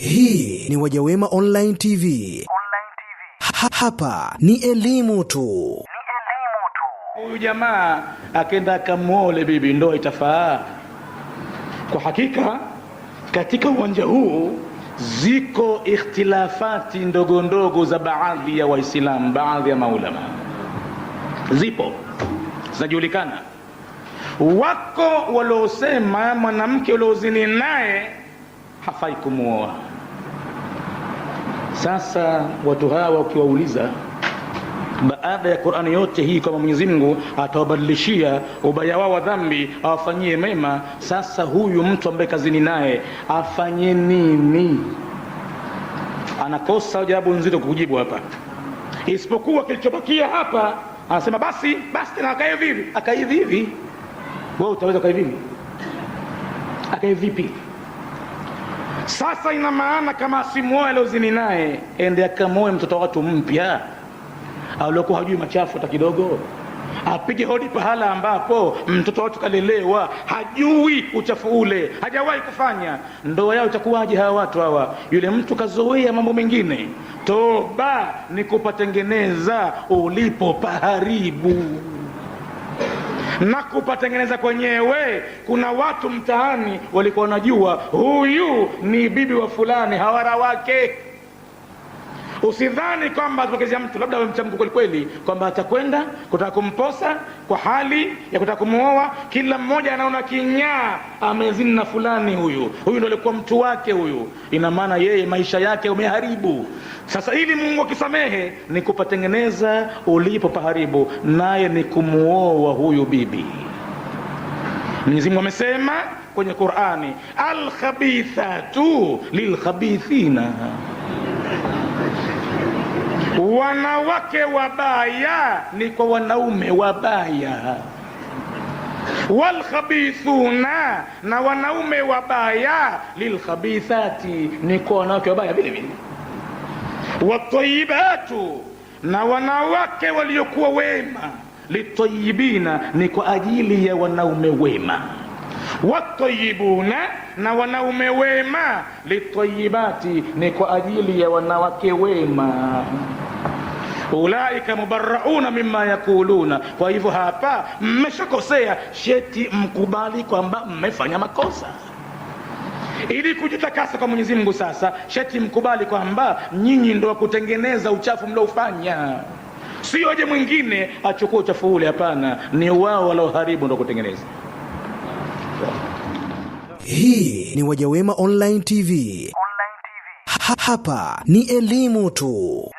Hii ni Wajawema Online TV. Online TV. Ha hapa ni elimu tu. Huyu jamaa akenda akamwole bibi, ndoa itafaa? Kwa hakika katika uwanja huu ziko ikhtilafati ndogo ndogo za baadhi ya Waislamu, baadhi ya maulama zipo zinajulikana. Wako waliosema mwanamke uliozini naye hafai kumwoa. Sasa watu hawa ukiwauliza baada ya Qur'ani yote hii kwamba Mwenyezi Mungu atawabadilishia ubaya wao wa dhambi awafanyie mema. Sasa huyu mtu ambaye kazini naye afanye nini? Anakosa jawabu nzito kukujibu hapa, isipokuwa kilichobakia hapa anasema basi basi, tena akae vivi, akae vivi. Wewe utaweza kae vivi? Akae vipi? Sasa ina maana kama asimuoe aliozini naye, ende akamoe mtoto wa watu mpya aliokuwa hajui machafu hata kidogo, apige hodi pahala ambapo mtoto watu kalelewa, hajui uchafu ule, hajawahi kufanya. Ndoa yao itakuwaje? Hawa watu hawa, yule mtu kazoea mambo mengine. Toba ni kupatengeneza ulipo paharibu na kupatengeneza kwenyewe. Kuna watu mtaani walikuwa wanajua huyu ni bibi wa fulani, hawara wake Usidhani kwamba tupokezea mtu labda awe mcha Mungu kweli kweli, kwamba atakwenda kutaka kumposa kwa hali ya kutaka kumwoa Kila mmoja anaona kinyaa, amezini na fulani, huyu huyu ndio alikuwa mtu wake huyu. Ina maana yeye maisha yake umeharibu. Sasa ili Mungu akisamehe ni kupatengeneza ulipo paharibu, naye ni kumuoa huyu bibi. Mwenyezi Mungu amesema kwenye Qur'ani, alkhabithatu lilkhabithina Wanawake wabaya ni kwa wanaume wabaya, walkhabithuna, na wanaume wabaya lilkhabithati, ni kwa wanawake wabaya vile vile, watayibatu, na wanawake waliokuwa wema litayibina, ni kwa ajili ya wanaume wema watayibuna na wanaume wema litayibati ni kwa ajili ya wanawake wema ulaika mubarauna mimma yakuluna. Kwa hivyo hapa mmeshakosea, sheti mkubali kwamba mmefanya makosa ili kujitakasa kwa Mwenyezi Mungu. Sasa sheti mkubali kwamba nyinyi ndo wakutengeneza uchafu mlioufanya, sio je mwingine achukua uchafu ule. Hapana, ni wao walioharibu ndo wakutengeneza. Hii ni Wajawema Online TV. Online TV. Ha hapa ni elimu tu.